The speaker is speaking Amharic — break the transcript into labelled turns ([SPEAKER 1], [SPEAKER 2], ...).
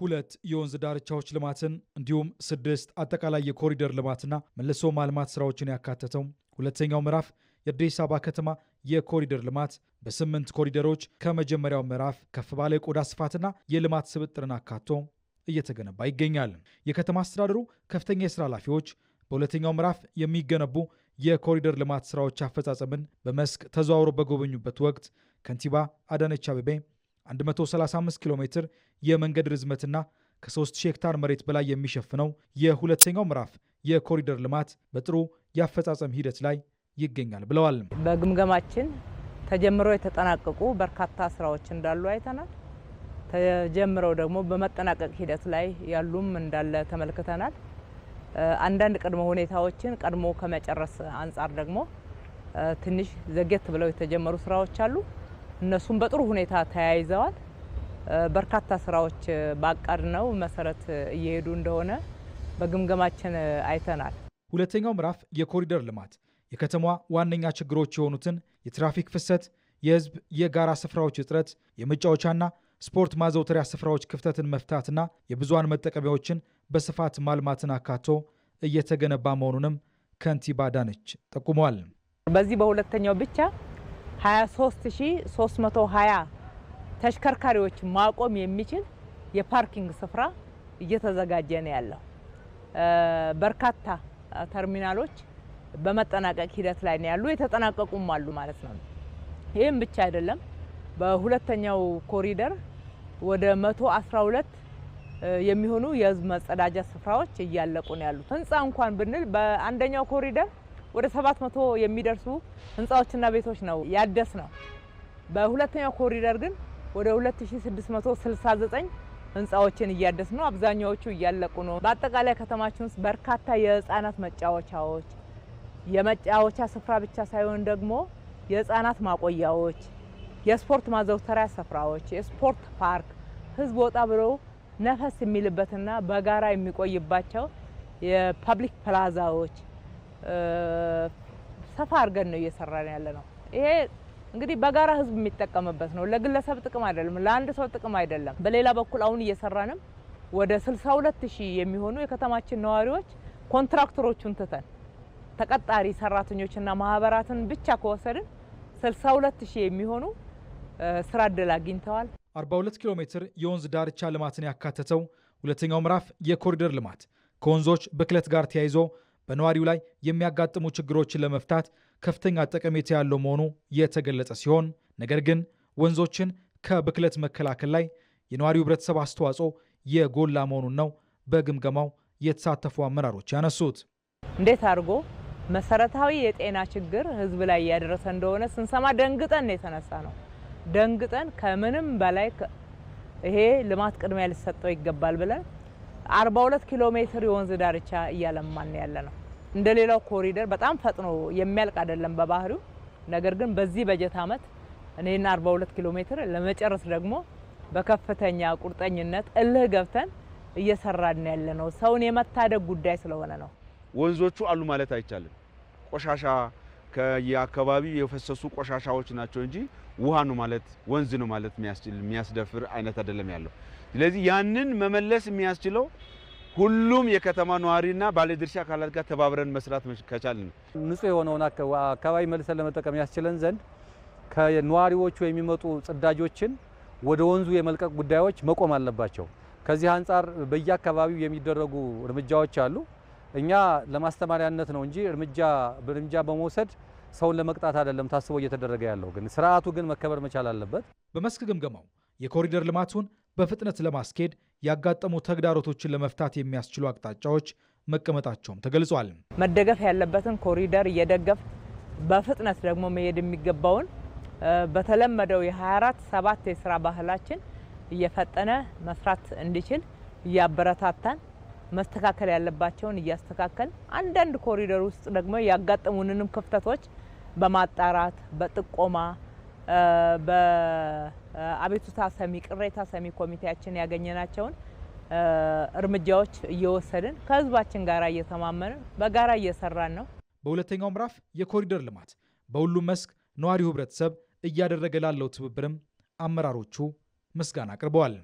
[SPEAKER 1] ሁለት የወንዝ ዳርቻዎች ልማትን እንዲሁም ስድስት አጠቃላይ የኮሪደር ልማትና መልሶ ማልማት ስራዎችን ያካተተው ሁለተኛው ምዕራፍ የአዲስ አበባ ከተማ የኮሪደር ልማት በስምንት ኮሪደሮች ከመጀመሪያው ምዕራፍ ከፍ ባለ የቆዳ ስፋትና የልማት ስብጥርን አካቶ እየተገነባ ይገኛል። የከተማ አስተዳደሩ ከፍተኛ የስራ ኃላፊዎች በሁለተኛው ምዕራፍ የሚገነቡ የኮሪደር ልማት ስራዎች አፈጻጸምን በመስክ ተዘዋውሮ በጎበኙበት ወቅት ከንቲባ አዳነች አቤቤ 135 ኪሎ ሜትር የመንገድ ርዝመትና ከ3000 ሄክታር መሬት በላይ የሚሸፍነው የሁለተኛው ምዕራፍ የኮሪደር ልማት በጥሩ የአፈጻጸም ሂደት ላይ ይገኛል ብለዋል።
[SPEAKER 2] በግምገማችን ተጀምረው የተጠናቀቁ በርካታ ስራዎች እንዳሉ አይተናል። ተጀምረው ደግሞ በመጠናቀቅ ሂደት ላይ ያሉም እንዳለ ተመልክተናል። አንዳንድ ቅድመ ሁኔታዎችን ቀድሞ ከመጨረስ አንጻር ደግሞ ትንሽ ዘጌት ብለው የተጀመሩ ስራዎች አሉ። እነሱም በጥሩ ሁኔታ ተያይዘዋል። በርካታ ስራዎች ነው መሰረት እየሄዱ እንደሆነ በግምገማችን አይተናል።
[SPEAKER 1] ሁለተኛው ምዕራፍ የኮሪደር ልማት የከተማዋ ዋነኛ ችግሮች የሆኑትን የትራፊክ ፍሰት፣ የህዝብ የጋራ ስፍራዎች እጥረት፣ የመጫወቻና ስፖርት ማዘውተሪያ ስፍራዎች ክፍተትን መፍታትና የብዙሃን መጠቀሚያዎችን በስፋት ማልማትን አካቶ እየተገነባ መሆኑንም ከንቲባ አዳነች ጠቁመዋል።
[SPEAKER 2] በዚህ በሁለተኛው ብቻ 23320 ተሽከርካሪዎች ማቆም የሚችል የፓርኪንግ ስፍራ እየተዘጋጀ ነው ያለው። በርካታ ተርሚናሎች በመጠናቀቅ ሂደት ላይ ነው ያሉ፣ የተጠናቀቁም አሉ ማለት ነው። ይህም ብቻ አይደለም። በሁለተኛው ኮሪደር ወደ 112 የሚሆኑ የህዝብ መጸዳጃ ስፍራዎች እያለቁ ነው ያሉት። ህንፃ እንኳን ብንል በአንደኛው ኮሪደር ወደ 700 የሚደርሱ ህንፃዎችና ቤቶች ነው ያደስ ነው። በሁለተኛው ኮሪደር ግን ወደ 2669 ህንፃዎችን እያደስ ነው። አብዛኛዎቹ እያለቁ ነው። በአጠቃላይ ከተማችን ውስጥ በርካታ የህፃናት መጫወቻዎች የመጫወቻ ስፍራ ብቻ ሳይሆን ደግሞ የህፃናት ማቆያዎች፣ የስፖርት ማዘውተሪያ ስፍራዎች፣ የስፖርት ፓርክ ህዝብ ወጣ ብሎ ነፈስ የሚልበትና በጋራ የሚቆይባቸው የፐብሊክ ፕላዛዎች ሰፋ አድርገን ነው እየሰራን ያለ ነው። ይሄ እንግዲህ በጋራ ህዝብ የሚጠቀምበት ነው። ለግለሰብ ጥቅም አይደለም፣ ለአንድ ሰው ጥቅም አይደለም። በሌላ በኩል አሁን እየሰራንም ወደ 62 ሺህ የሚሆኑ የከተማችን ነዋሪዎች ኮንትራክተሮቹን ትተን ተቀጣሪ ሰራተኞችና ማህበራትን ብቻ ከወሰድን 62 ሺህ የሚሆኑ ስራ እድል አግኝተዋል።
[SPEAKER 1] 42 ኪሎ ሜትር የወንዝ ዳርቻ ልማትን ያካተተው ሁለተኛው ምዕራፍ የኮሪደር ልማት ከወንዞች ብክለት ጋር ተያይዞ በነዋሪው ላይ የሚያጋጥሙ ችግሮችን ለመፍታት ከፍተኛ ጠቀሜታ ያለው መሆኑ የተገለጸ ሲሆን ነገር ግን ወንዞችን ከብክለት መከላከል ላይ የነዋሪው ህብረተሰብ አስተዋጽኦ የጎላ መሆኑን ነው በግምገማው የተሳተፉ አመራሮች ያነሱት።
[SPEAKER 2] እንዴት አድርጎ መሰረታዊ የጤና ችግር ህዝብ ላይ እያደረሰ እንደሆነ ስንሰማ ደንግጠን የተነሳ ነው። ደንግጠን ከምንም በላይ ይሄ ልማት ቅድሚያ ሊሰጠው ይገባል ብለን 42 ኪሎ ሜትር የወንዝ ዳርቻ እያለማን ያለ ነው። እንደ ሌላው ኮሪደር በጣም ፈጥኖ የሚያልቅ አይደለም በባህሪው። ነገር ግን በዚህ በጀት ዓመት እኔና 42 ኪሎ ሜትር ለመጨረስ ደግሞ በከፍተኛ ቁርጠኝነት እልህ ገብተን እየሰራን ያለ ነው። ሰውን የመታደግ ጉዳይ ስለሆነ ነው።
[SPEAKER 3] ወንዞቹ አሉ ማለት አይቻልም። ቆሻሻ ከየአካባቢው የፈሰሱ ቆሻሻዎች ናቸው እንጂ ውሃ ነው ማለት ወንዝ ነው ማለት የሚያስደፍር አይነት አይደለም ያለው። ስለዚህ ያንን መመለስ የሚያስችለው ሁሉም የከተማ ነዋሪና ባለድርሻ አካላት ጋር ተባብረን መስራት ከቻል ነው
[SPEAKER 4] ንጹህ የሆነውን አካባቢ መልሰን ለመጠቀም ያስችለን ዘንድ ከነዋሪዎቹ የሚመጡ ጽዳጆችን ወደ ወንዙ የመልቀቅ ጉዳዮች መቆም አለባቸው። ከዚህ አንጻር በየአካባቢው የሚደረጉ እርምጃዎች አሉ። እኛ ለማስተማሪያነት ነው እንጂ እርምጃ በእርምጃ በመውሰድ ሰውን ለመቅጣት አይደለም ታስቦ እየተደረገ ያለው። ግን ስርዓቱ ግን መከበር መቻል አለበት።
[SPEAKER 1] በመስክ ግምገማው የኮሪደር ልማቱን በፍጥነት ለማስኬድ ያጋጠሙ ተግዳሮቶችን ለመፍታት የሚያስችሉ አቅጣጫዎች መቀመጣቸውም ተገልጿል።
[SPEAKER 2] መደገፍ ያለበትን ኮሪደር እየደገፍ በፍጥነት ደግሞ መሄድ የሚገባውን በተለመደው የ24 ሰባት የስራ ባህላችን እየፈጠነ መስራት እንዲችል እያበረታታን መስተካከል ያለባቸውን እያስተካከል አንዳንድ ኮሪደር ውስጥ ደግሞ ያጋጠሙንንም ክፍተቶች በማጣራት በጥቆማ በአቤቱታ ሰሚ ቅሬታ ሰሚ ኮሚቴያችን ያገኘናቸውን እርምጃዎች እየወሰድን ከህዝባችን ጋር እየተማመንን በጋራ እየሰራን ነው።
[SPEAKER 1] በሁለተኛው ምዕራፍ የኮሪደር ልማት በሁሉም መስክ ነዋሪው ህብረተሰብ እያደረገ ላለው ትብብርም አመራሮቹ ምስጋና አቅርበዋል።